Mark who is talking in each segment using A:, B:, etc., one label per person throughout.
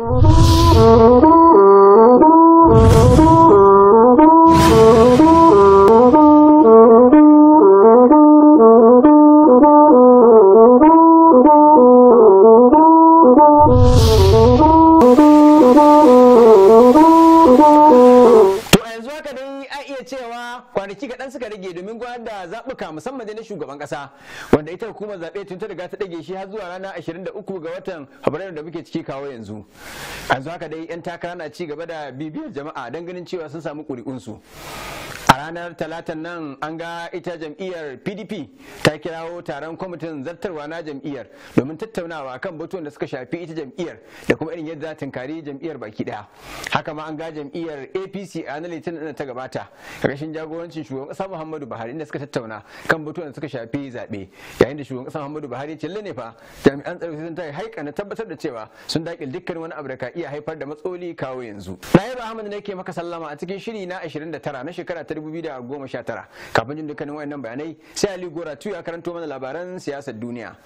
A: 我说：“肯定爱叶剑华，管你几个。”
B: suka rage domin gudanar da zaɓuka musamman na shugaban ƙasa wanda ita hukumar zaɓe tun ta riga ta dage shi har zuwa rana 23 ga watan Fabrairu da muke ciki kawo yanzu. Yanzu haka dai 'yan takara na ci gaba da bibiyar jama'a don ganin cewa sun samu ƙuri'unsu. a ranar talatan nan an ga ita jam'iyyar pdp ta kirawo taron kwamitin zartarwa na jam'iyyar domin tattaunawa kan batun da suka shafi ita jam'iyyar da kuma irin yadda tunkari jam'iyyar baki daya haka ma an ga jam'iyyar apc a ranar litinin da ta gabata kakashin jagorancin shugaban kasa Muhammadu Buhari inda suka tattauna kan batun da suka shafi zaɓe yayin da shugaban kasa Muhammadu Buhari ce ne fa jami'an tsaro sun tayi haika na tabbatar da cewa sun dakil dukkan wani abu da ka iya haifar da matsaloli kawo yanzu. Nayib Ahmad ne ke maka sallama a cikin shiri na 29 na shekara ta 2019 kafin jin dukkanin wayannan bayanai sai Ali Gora ya karanto mana
A: labaran siyasar duniya.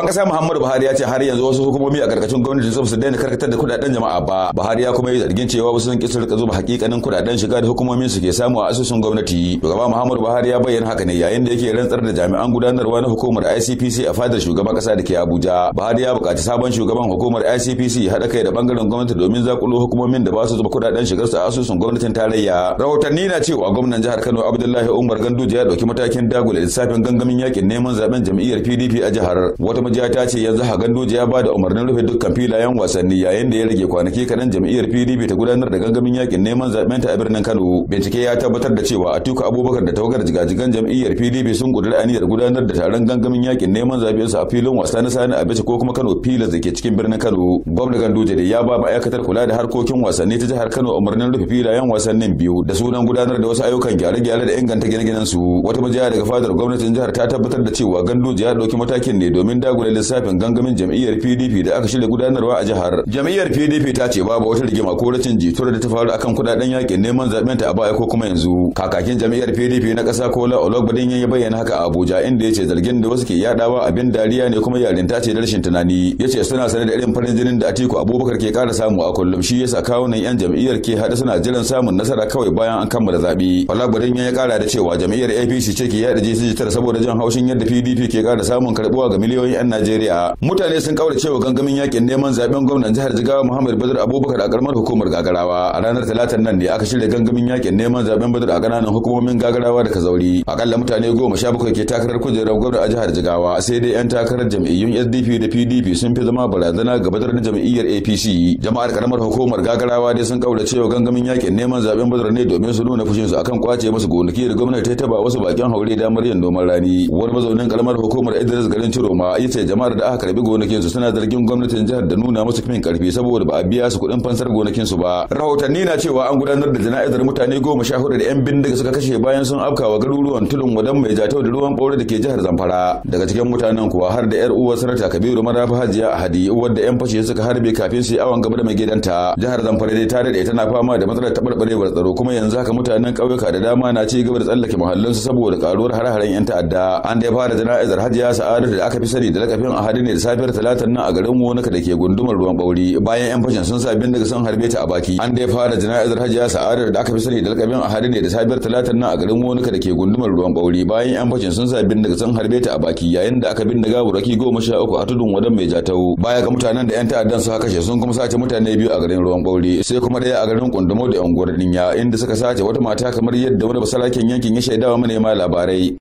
C: Shugaban kasa Muhammadu Buhari ya ce har yanzu wasu hukumomi a karkashin gwamnati sun daina karkatar da kudaden jama'a ba. Buhari ya kuma yi zargin cewa wasu sun ki su zuba hakikanin kudaden shiga da hukumomin su ke samu a asusun gwamnati. Shugaba Muhammadu Buhari ya bayyana haka ne yayin da yake rantsar da jami'an gudanarwa na hukumar ICPC a fadar shugaban kasa da ke Abuja. Buhari ya buƙaci sabon shugaban hukumar ICPC haɗa kai da bangaren gwamnati domin zakulo hukumomin da ba su zuba kudaden shigar su a asusun gwamnatin tarayya. Rahotanni na cewa gwamnan jihar Kano Abdullahi Umar Ganduje ya ɗauki matakin dagula lissafin gangamin yakin neman zaben jam'iyyar PDP a jihar. Wata Gandujiya ta ce yanzu ha ya ba da umarnin rufe dukkan filayen wasanni yayin da ya rage kwanaki kaɗan jam'iyyar PDP ta gudanar da gangamin yakin neman ta a birnin Kano. Bincike ya tabbatar da cewa Atiku Abubakar da tawagar jigajigan jam'iyyar PDP sun ƙudiri aniyar gudanar da taron gangamin yakin neman su a filin wasa na Sani Abacha ko kuma Kano filin da ke cikin birnin Kano. Gwamna Ganduje da ya ba ma'aikatar kula da harkokin wasanni ta jihar Kano umarnin rufe filayen wasannin biyu da sunan gudanar da wasu ayyukan gyare-gyare da inganta gine-ginen su. Wata majiya daga fadar gwamnatin jihar ta tabbatar da cewa Ganduje ya ɗauki matakin ne domin da dagula lissafin gangamin jam'iyyar PDP da aka shirya gudanarwa a jihar. Jam'iyyar PDP ta ce babu wata rigima ko rashin jituwar da ta faru akan kudaden yakin neman zaben ta a baya ko kuma yanzu. Kakakin jam'iyyar PDP na ƙasa Kola Ologbadin ya bayyana haka a Abuja inda ya ce zargin da wasu ke yaɗawa abin dariya ne kuma yarinta ce da rashin tunani. Ya ce suna sanar da irin farin jinin da Atiku Abubakar ke ƙara samu a kullum shi yasa kawunan 'yan jam'iyyar ke haɗe suna jiran samun nasara kawai bayan an kammala zaɓe. Ologbadin ya ƙara da cewa jam'iyyar APC ce ke yaɗa jita saboda jan haushin yadda PDP ke ƙara samun karɓuwa ga miliyoyin 'yan Najeriya. Mutane sun kaurace wa gangamin yakin neman zaben gwamnan jihar Jigawa Muhammad Badar Abubakar a karamar hukumar Gagarawa. A ranar Talatin nan ne aka shirya gangamin yakin neman zaben Badar a kananan hukumomin Gagarawa da Kazauri. Akalla mutane goma sha bakwai ke takarar kujerar gwamnan a jihar Jigawa sai dai 'yan takarar jam'iyyun SDP da PDP sun fi zama barazana ga Badar na jam'iyyar APC. Jama'ar karamar hukumar Gagarawa dai sun kaura cewa gangamin yakin neman zaben Badar ne domin su nuna fushinsu akan kwace musu gonaki da gwamnati ta taba wasu bakin haure damar yin noman rani. Wani mazaunin karamar hukumar Idris garin Ciroma ce jama'ar da aka karbi gonakinsu suna zargin gwamnatin jihar da nuna musu fin karfi saboda ba a biya su kuɗin fansar gonakinsu ba rahotanni na cewa an gudanar da jana'izar mutane goma sha hudu da yan bindiga suka kashe bayan sun wa garuruwan tulun wadan mai jatau da ruwan ɓaure da ke jihar zamfara daga cikin mutanen kuwa har da yar uwar sanata kabiru mara hajiya hadi wadda yan fashe suka harbe kafin su yi awon gaba da mai gidanta jihar zamfara dai ta daɗe tana fama da matsalar taɓarɓarewar tsaro kuma yanzu haka mutanen kauyuka da dama na ci gaba da tsallake muhallinsu saboda ƙaruwar hare-haren 'yan ta'adda an dai fara jana'izar hajiya sa'adatu da aka fi sani da da lakafin ahadi ne da safiyar talatin nan a garin Wonaka da ke gundumar ruwan bauri bayan yan fashin sun sa bindiga sun harbe ta a baki an dai fara jana'izar hajiya sa'adar da aka fi sani da lakafin ahadi ne da safiyar talatin nan a garin Wonaka da ke gundumar ruwan bauri bayan yan fashin sun sa bindiga sun harbe ta a baki yayin da aka bindiga buraki goma sha uku a tudun wadan mai jatawo baya ga mutanen da yan ta'addan suka kashe sun kuma sace mutane biyu a garin ruwan bauri sai kuma daya a garin kundumo da yan gwar dinya inda suka sace wata mata kamar yadda wani basalakin yankin ya shaidawa manema labarai.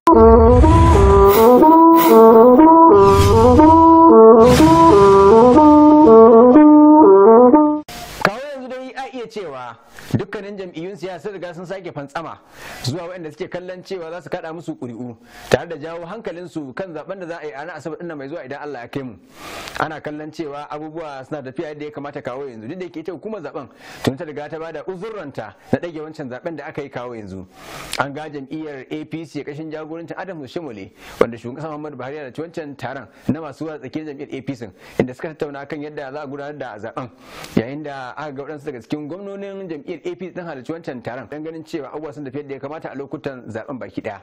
A: Thank you. cewa dukkanin jam'iyyun
B: siyasa riga sun sake fantsama zuwa waɗanda suke kallon cewa za su kada musu ƙuri'u tare da jawo hankalinsu kan zaben da za a yi a ranar asabar ɗin mai zuwa idan Allah ya kai mu ana kallon cewa abubuwa suna tafiya yadda ya kamata kawo yanzu duk da yake ita hukumar zaben tun ta riga ta ba da uzurranta na ɗage wancan zaben da aka yi kawo yanzu an ga jam'iyyar APC ƙashin jagorancin Adamu Shimole wanda shugaban ƙasa Muhammadu Buhari ya ci wancan taron na masu zuwa tsakiyar jam'iyyar APC inda suka tattauna kan yadda za a gudanar da zaben yayin da aka ga waɗansu daga cikin gwamnonin jam'iyyar apc din halarci wancan taron don ganin cewa abubuwa sun tafi yadda ya kamata a lokutan zaben baki daya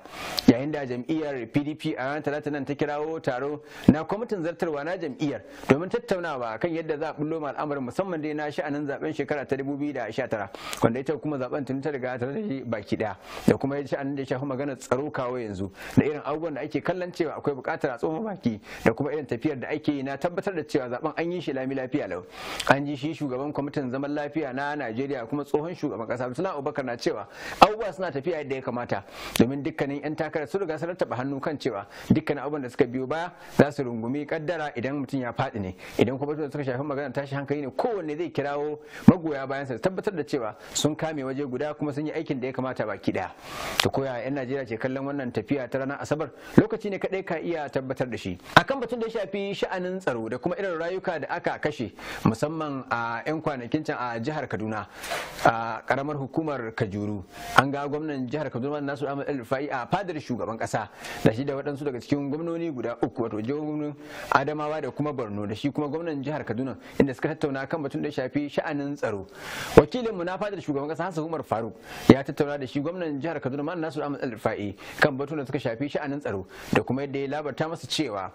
B: yayin da jam'iyyar pdp a ranar talata nan ta kirawo taro na kwamitin zartarwa na jam'iyyar domin tattaunawa kan yadda za a bullo ma al'amarin musamman dai na sha'anin zaben shekara ta 2019 wanda ita kuma zaben tun ta riga ta tafi baki daya da kuma sha'anin da ya shafi magana tsaro kawo yanzu da irin abubuwan da ake kallon cewa akwai buƙatar a tsoma baki da kuma irin tafiyar da ake yi na tabbatar da cewa zaben an yi shi lami lafiya lau an ji shi shugaban kwamitin zaman lafiya na Najeriya kuma tsohon shugaban kasa Abdullahi Abubakar na cewa abubuwa suna tafiya yadda ya kamata domin dukkanin yan takarar sun riga sun rattaba hannu kan cewa dukkanin abubuwan da suka biyo baya za su rungumi kaddara idan mutum ya faɗi ne idan kuma suka shafi magana tashi hankali ne kowanne zai kirawo magoya bayansa su tabbatar da cewa sun kame waje guda kuma sun yi aikin da ya kamata baki daya to koya yan Najeriya ke kallon wannan tafiya ta ranar Asabar lokaci ne kadai ka iya tabbatar da shi akan batun da ya shafi sha'anin tsaro da kuma irin rayuka da aka kashe musamman a 'yan kwanakin can a jihar Kaduna kaduna a karamar hukumar kajuru an ga gwamnan jihar kaduna nasu ahmad al-rufai a fadar shugaban kasa da shi da waɗansu daga cikin gwamnoni guda uku wato jihohin adamawa da kuma borno da shi kuma gwamnan jihar kaduna inda suka tattauna kan batun da shafi sha'anin tsaro wakilinmu na fadar shugaban kasa hassan umar faruk ya tattauna da shi gwamnan jihar kaduna ma nasu ahmad al kan batun da suka shafi sha'anin tsaro da kuma yadda ya labarta masa cewa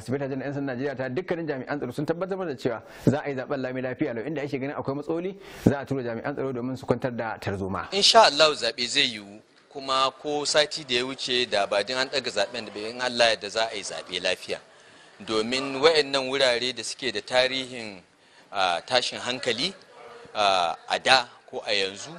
B: sibita jana sun najeriya ta dukkanin jami'an tsaro sun tabbatar da cewa za a yi zaben lami lafiya lau inda ake ganin akwai matsaloli za a tura jami'an tsaro domin su kwantar da tarzoma insha Allah
D: zaɓe zai yiwu kuma ko sati da ya wuce da ba badin an ɗaga zaɓen da bayan Allah da za a yi zaɓe lafiya domin wayannan wurare da suke da tarihin tashin hankali a da ko a yanzu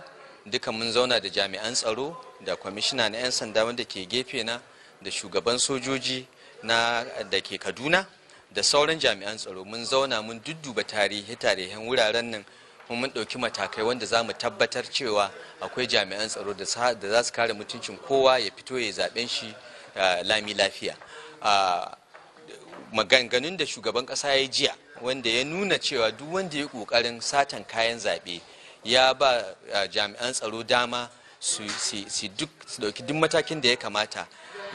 D: duka mun zauna da jami'an tsaro da kwamishina na 'yan sanda wanda ke gefe na da shugaban sojoji na da ke kaduna da sauran jami'an tsaro mun zauna mun dudduba tarihi tarihin wuraren nan kuma mun ɗauki matakai wanda za mu tabbatar cewa akwai jami'an tsaro da za su kare mutuncin kowa ya fito ya zaben shi lami lafiya maganganun da shugaban ƙasa ya jiya wanda ya nuna cewa duk wanda ya ƙoƙarin satan kayan zaɓe ya ba jami'an tsaro dama su ɗauki duk matakin da ya kamata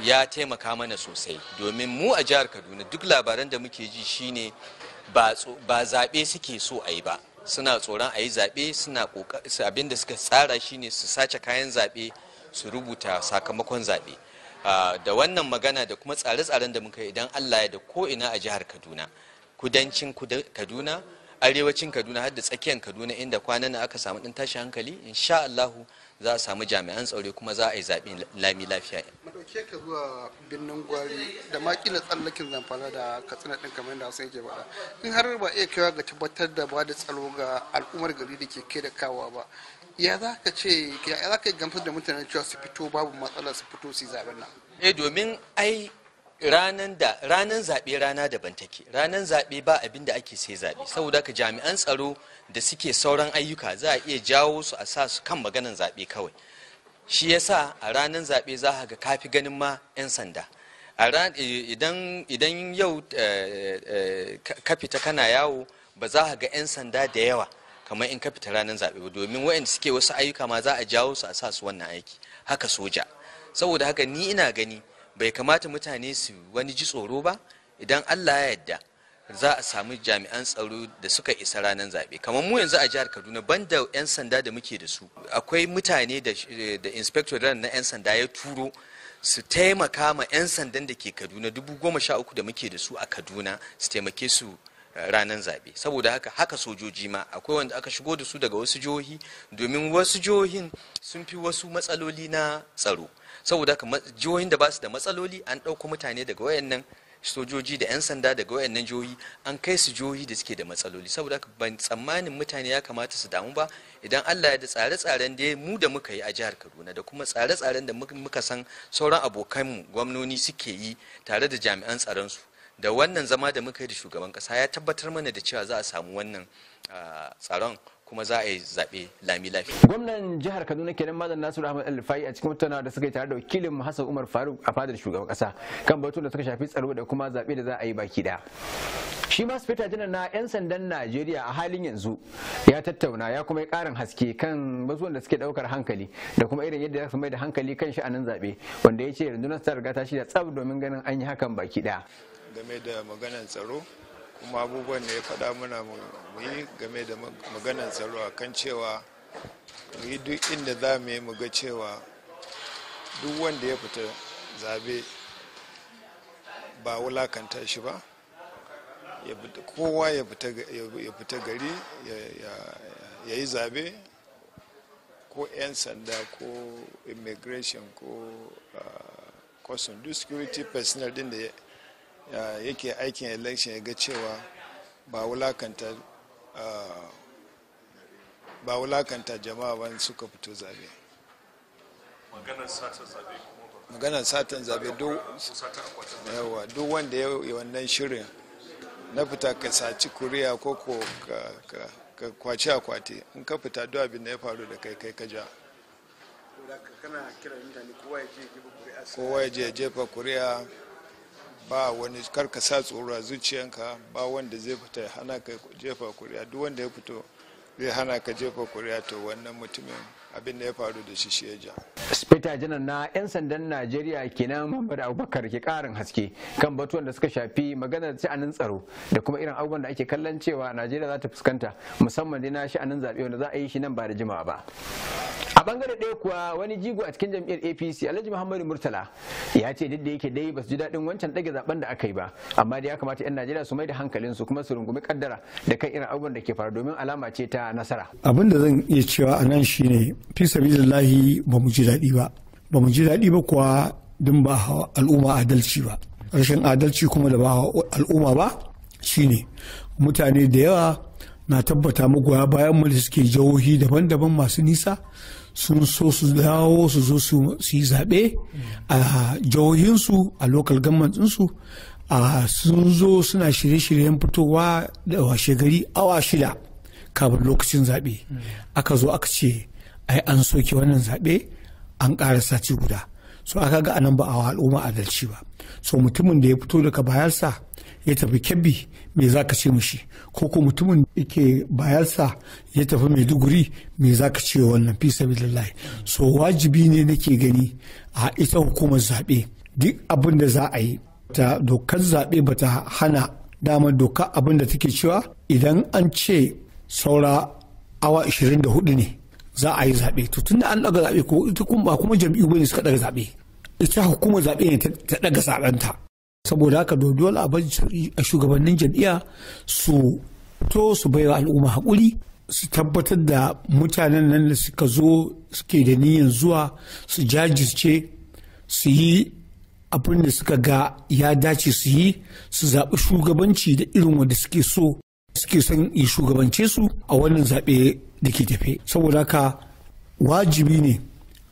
D: ya taimaka mana sosai domin mu a jihar kaduna duk labaran da muke ji shine ba zaɓe suke so a yi ba suna tsoron a yi zaɓe suna abin da suka tsara shine su sace kayan zaɓe su rubuta sakamakon zaɓe ah, da wannan magana da kuma tsare-tsaren da muka idan allah ya da ko ina a jihar kaduna kudancin kaduna arewacin kaduna har da tsakiyar kaduna inda kwanan aka samu ɗan tashi hankali insha allahu za a samu jami'an tsaro kuma za a yi zaɓen lami lafiya
E: madauke ka zuwa birnin gwari da ma kila tsallakin zamfara da katsina ɗin kamar yadda hausa yake faɗa in har ba iya kaiwa ga tabbatar da ba da tsaro ga al'ummar gari da ke kai da kawa ba ya za ka ce ya za ka gamsar da mutane cewa su fito babu matsala su fito su yi zaɓen nan
D: eh domin ai ranan da ranan zaɓe rana daban take ranan zaɓe ba abin da ake sai zaɓe saboda ka jami'an tsaro da suke sauran ayyuka za a iya jawo su a sa su kan maganan zaɓe kawai shi yasa a ranan zaɓe za ga kafi ganin ma 'yan sanda eh, idan yau eh, eh, ka fita kana yawo ba za ga 'yan sanda da yawa kamar in ka fita ranan zaɓe ba domin waɗanda suke wasu ayyuka ma za a jawo su a sa su wannan aiki haka soja saboda haka ni ina gani bai kamata mutane su wani ji tsoro ba idan allah ya yarda za a samu jami'an tsaro da suka isa ranar zaɓe kamar mu yanzu a jihar kaduna banda 'yan sanda da muke da su akwai mutane da eh, inspector na 'yan sanda ya turo su taimaka ma 'yan sandan da ke kaduna dubu goma sha uku da muke da su a kaduna su taimake su eh, ranar zaɓe saboda haka haka sojoji ma akwai wanda aka shigo da su daga wasu jihohi domin wasu jihohin sun fi wasu matsaloli na tsaro saboda haka jihohin da ba su da matsaloli an ɗauko mutane daga wayannan sojoji da 'yan sanda daga wayannan jihohi an kai su jihohi da suke da matsaloli saboda haka ban tsammanin mutane ya kamata su damu ba idan Allah ya da tsare-tsaren da mu da muka yi a jihar Kaduna da kuma tsare-tsaren da muka san sauran abokanmu gwamnoni suke yi tare da jami'an tsaron su da wannan zama da muka yi da shugaban kasa ya tabbatar mana da cewa za a samu wannan ah, tsaron kuma za a yi zaɓe
B: lami lafiya. Gwamnan jihar Kaduna kenan Malam Nasiru Ahmad Alfai a cikin tattaunawa da suka yi tare da wakilin Hassan Umar Faruk a fadar shugaban kasa kan batun da suka shafi tsaro da kuma zaɓe da za a yi baki ɗaya. Shi ma Sufeta Janar na 'yan sandan Najeriya a halin yanzu ya tattauna ya kuma yi ƙarin haske kan batuwan da suke ɗaukar hankali da kuma irin yadda za su mai da hankali kan sha'anin zaɓe wanda ya ce rundunar ta riga ta shirya tsab domin ganin an yi hakan baki ɗaya.
F: Game da maganar tsaro kuma abubuwan da ya faɗa muna mu yi game da maganar tsaro a kan cewa mu yi duk inda za mu yi mu ga cewa duk wanda ya fita zabe ba wulakanta shi ba kowa ya fita gari ya yi zabe ko 'yan sanda ko immigration ko uh, ah, duk security personnel din da yake aikin election ya ga cewa ba wulakanta jama'a ba suka fito zabe maganar satan zabe duk wanda ya yi wannan shirin na fita ka saci kuriya ko ko ka kwace akwate in ka fita duk abin da ya faru da kai kai ka ja kowa ya je jefa kuriya ba wani karka sa tsoro a zuciyanka ba wanda zai fita ya hana ka jefa kuri'a duk wanda ya fito zai hana ka jefa kuri'a to wannan mutumin abin da ya faru da shi ja.
B: Spita janar na 'yan sandan Najeriya kenan Muhammad Abubakar ke karin haske kan batuwan da suka shafi maganar sha'anin tsaro da kuma irin abubuwan da ake kallon cewa Najeriya za ta fuskanta musamman dai na sha'anin zaɓe wanda za a yi shi nan ba da jimawa ba. bangare ɗaya kuwa wani jigo a cikin jam'iyyar apc alhaji muhammadu murtala ya ce duk da yake dai ba su ji daɗin wancan ɗage zaben da aka yi ba amma da ya kamata 'yan najeriya su mai da su kuma su rungumi kaddara da kan irin abubuwan da ke faru domin alama ce ta nasara
G: abin da zan iya cewa a nan shine fi sabilillahi ba mu ji daɗi ba ba mu ji daɗi ba kuwa din ba al'umma adalci ba rashin adalci kuma da ba al'umma ba shine mutane da yawa na tabbata magoya bayan mu da suke jihohi daban-daban masu nisa sun so su dawo su zo su yi zaɓe a jihohinsu a lokal government ɗinsu a sun zo suna shirye-shiryen fitowa da washe gari awa shida kafin lokacin zaɓe aka zo aka ce ai an soke wannan zaɓe an ƙara sati guda so aka ga anan ba a al'umma adalci ba so mutumin da ya fito daga bayarsa ya tafi kebbi me za ka ce mushi ko ko mutumin da ke bayarsa ya tafi mai duguri me za ka ce wannan fi sabilillahi so wajibi ne nake gani a ita hukumar zaɓe duk abin da za a yi ta dokar zaɓe ba ta hana damar doka abin da take cewa idan an ce saura awa 24 ne za a yi zaɓe to tunda an ɗaga zaɓe ko ita kuma ba kuma jam'iyyu bane suka ɗaga zaɓe ita hukumar zaɓe ne ta ɗaga zaɓenta saboda haka dole a shugabannin jam'iyya su to su baiwa al'umma haƙuri su tabbatar da mutanen nan da suka zo suke da niyyar zuwa su jajirce su yi abin da suka ga ya dace su yi su zaɓi shugabanci da irin wanda suke so suke son yi shugabance su a wannan zaɓe da ke tafe saboda haka wajibi ne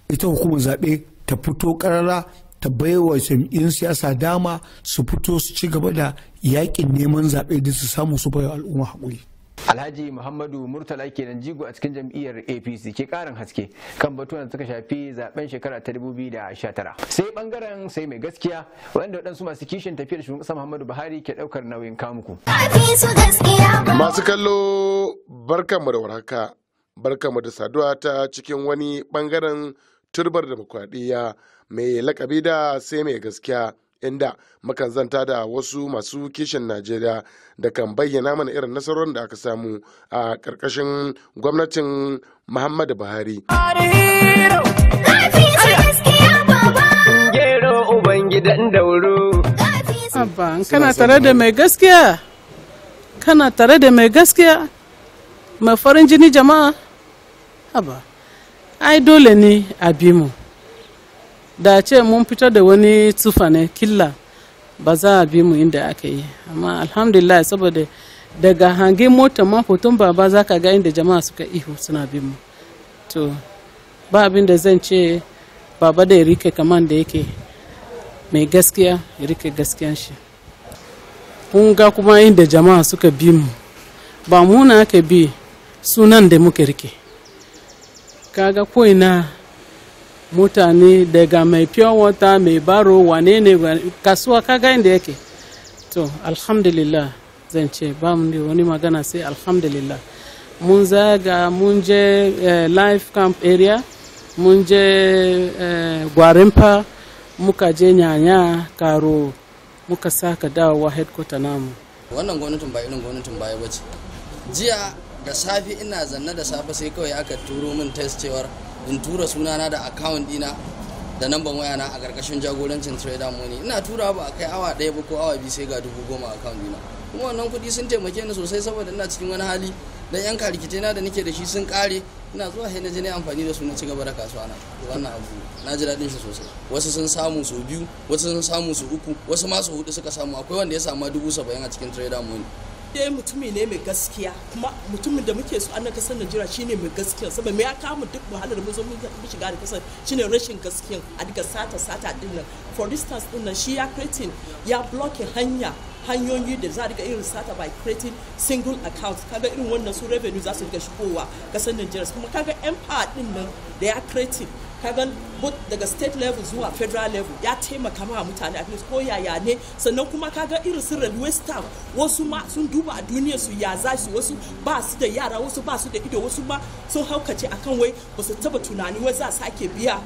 G: ita hukumar zaɓe ta fito ƙarara ta baiwa jam'iyyun siyasa dama su fito su ci gaba da yakin neman zaɓe da su samu su baiwa al'umma haƙuri.
B: Alhaji Muhammadu Murtala ke kenan jigo a cikin jam'iyyar APC ke karin haske kan batuwa da suka shafi zaben shekara ta da 2019. Sai bangaren sai mai gaskiya waɗanda waɗansu masu kishin tafiyar shugaban ƙasa Muhammadu Buhari ke ɗaukar nauyin kamuku.
E: Masu kallo mu da warhaka mu da saduwa ta cikin wani bangaren turbar demokradiyya mai lakabi da sai mai gaskiya inda mukan zanta da wasu masu kishin najeriya da kan bayyana mana irin nasarorin da aka samu a ƙarƙashin gwamnatin muhammadu buhari kana tare da mai gaskiya kana tare da mai gaskiya mai farin jini jama'a haba ai dole ne a bi mu da ce mun fitar da wani tufa ne killa ba za a bi mu inda aka yi amma alhamdulillah saboda daga hangen mota ma hoton baba za ka ga inda jama'a suka ihu suna bi mu to ba abin da zan ce baba da ya rike kamar da yake mai gaskiya ya rike gaskiyan shi kun ga kuma inda jama'a suka bi mu ba muna aka bi sunan da muka rike kaga ko'ina mutane daga mai pure water mai baro wane ne kasuwa kaga inda yake to alhamdulillah zan ce ba mu da wani magana sai alhamdulillah mun zaga mun je eh, life camp area mun je eh, gwarimfa muka je nyanya karo muka saka dawowa headquarter namu wannan gwamnatin
D: ba irin gwamnatin baya bace jiya da safe ina zanne da safe sai kawai aka turo min test cewar in tura sunana da account dina da namban waya na a karkashin jagorancin trader money ina tura ba a kai awa ɗaya ba ko awa biyu sai ga dubu goma a account dina kuma wannan kuɗi sun taimake ni sosai saboda ina cikin wani hali dan yan karikite na da nake da shi sun kare ina zuwa sai na je amfani da su na cigaba da kasuwa na wannan abu na ji
E: daɗin shi sosai
D: wasu sun samu su biyu
H: wasu sun samu su uku wasu ma su hudu suka samu akwai wanda ya samu dubu saba'in a cikin trader money dai mutumi ne mai gaskiya kuma mutumin da muke so annan kasar najeriya shine mai gaskiya saboda me ya duk wahalar mu zo mun shiga da kasar shine rashin gaskiya a diga sata sata din nan for instance din shi ya creating ya block hanya hanyoyi da za a riga irin sata by creating single account kaga irin wannan su revenue za su riga shigowa kasar najeriya kuma kaga empire din nan da ya creating kagan both daga state level zuwa federal level ya taimaka ma mutane a least ko yaya ne sannan kuma kaga irin sun railway staff wasu ma sun duba a duniya su ya za su wasu ba su da yara wasu ba su da ido wasu ma sun haukace akan wai ba su taba tunani wai za sake biya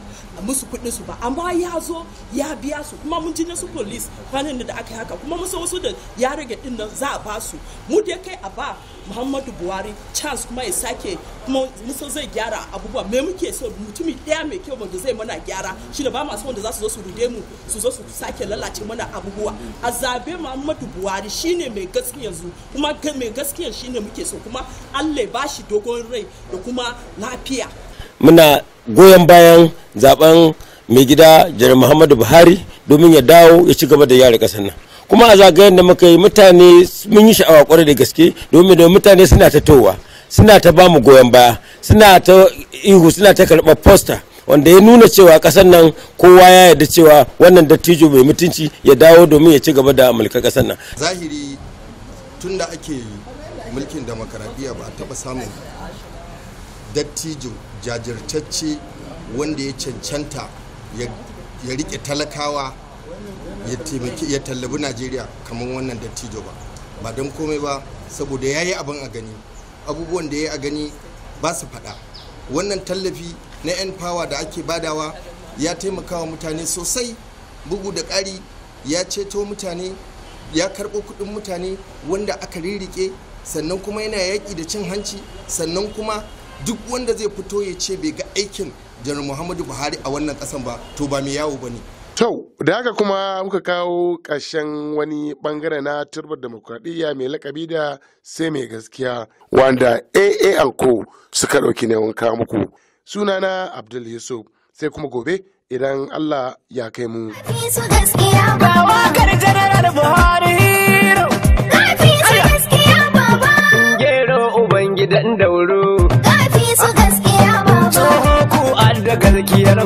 H: musu kuɗin su ba amma ya zo ya biya su kuma mun ji na su police kwanan da aka haka kuma musu wasu da ya rage din nan za a ba su mu dai kai a ba Muhammadu Buhari chance kuma ya sake kuma san zai gyara abubuwa me muke so mutumi daya mai kyau wanda zai mana gyara shi da ba masu wanda za su zo su rude mu su zo su sake lalace mana abubuwa a zabe muhammadu buhari shine mai gaskiya yanzu kuma mai gaskiya shine muke so kuma allah ba shi dogon rai da kuma lafiya
C: muna goyon bayan zaben mai gida jiran muhammadu buhari domin ya dawo ya ci gaba da yare kasar nan kuma a zagayen da muka yi mutane mun yi sha'awa kwarai da gaske domin da mutane suna ta towa suna ta bamu goyon baya suna ta ihu suna ta karɓar poster wanda ya nuna cewa ƙasar nan kowa ya yarda cewa wannan dattijo mai mutunci ya dawo domin ya ci gaba da mulka kasar nan zahiri
D: tun da ake mulkin demokaradiyya ba a taɓa samun dattijo jajirtacce wanda ya cancanta ya rike talakawa ya tallabi najeriya kamar wannan dattijo ba ba don komai ba saboda ya yi abin a gani abubuwan da ya a gani ba su faɗa wannan tallafi na 'yan power da ake badawa ya taimakawa mutane sosai bugu da ƙari ya ceto mutane ya karɓo kuɗin mutane wanda aka ririke sannan kuma yana yaƙi da cin hanci sannan kuma duk wanda zai fito ya ce bai ga aikin janar muhammadu buhari a wannan ƙasan ba to ba mai yawo ba ne
E: To, da haka kuma muka kawo ƙarshen wani bangare na turbar demokradiyya mai lakabi da sai mai gaskiya wanda AA suka ɗauki neman kawo muku. Sunana Abdul Yusuf sai kuma gobe idan Allah ya kai mu.
A: gaskiya ba gaskiya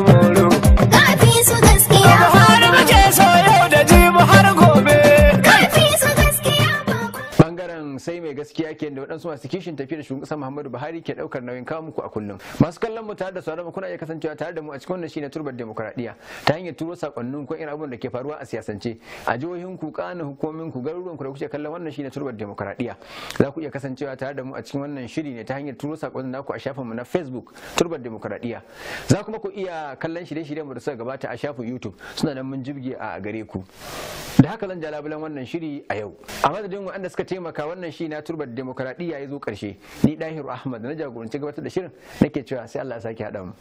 B: baba. mu. masu kishin tafiya da shugaban kasa Muhammadu Buhari ke daukar nauyin kawo muku a kullum. Masu kallon mu tare da sauran kuna iya kasancewa tare da mu a cikin wannan shine turbar demokradiya ta hanyar turo sakonnin ku irin abun da ke faruwa a siyasance a jihohin ku kana hukumomin ku garuruwan ku da kuke kallon wannan shine turbar demokradiya. Za ku iya kasancewa tare da mu a cikin wannan shiri ne ta hanyar turo sakonnin naku a shafin mu na Facebook turbar demokradiya. Za kuma ku iya kallon shirye-shiryen mu da suka gabata a shafin YouTube suna nan mun jibge a gare ku. da haka zan jalabulan wannan shiri a yau a madadin waɗanda suka taimaka wannan shi na turbar demokradiyya ya zo ƙarshe ni dahiru ahmad na jagoranci gabatar da shirin nake cewa sai allah a sake haɗa mu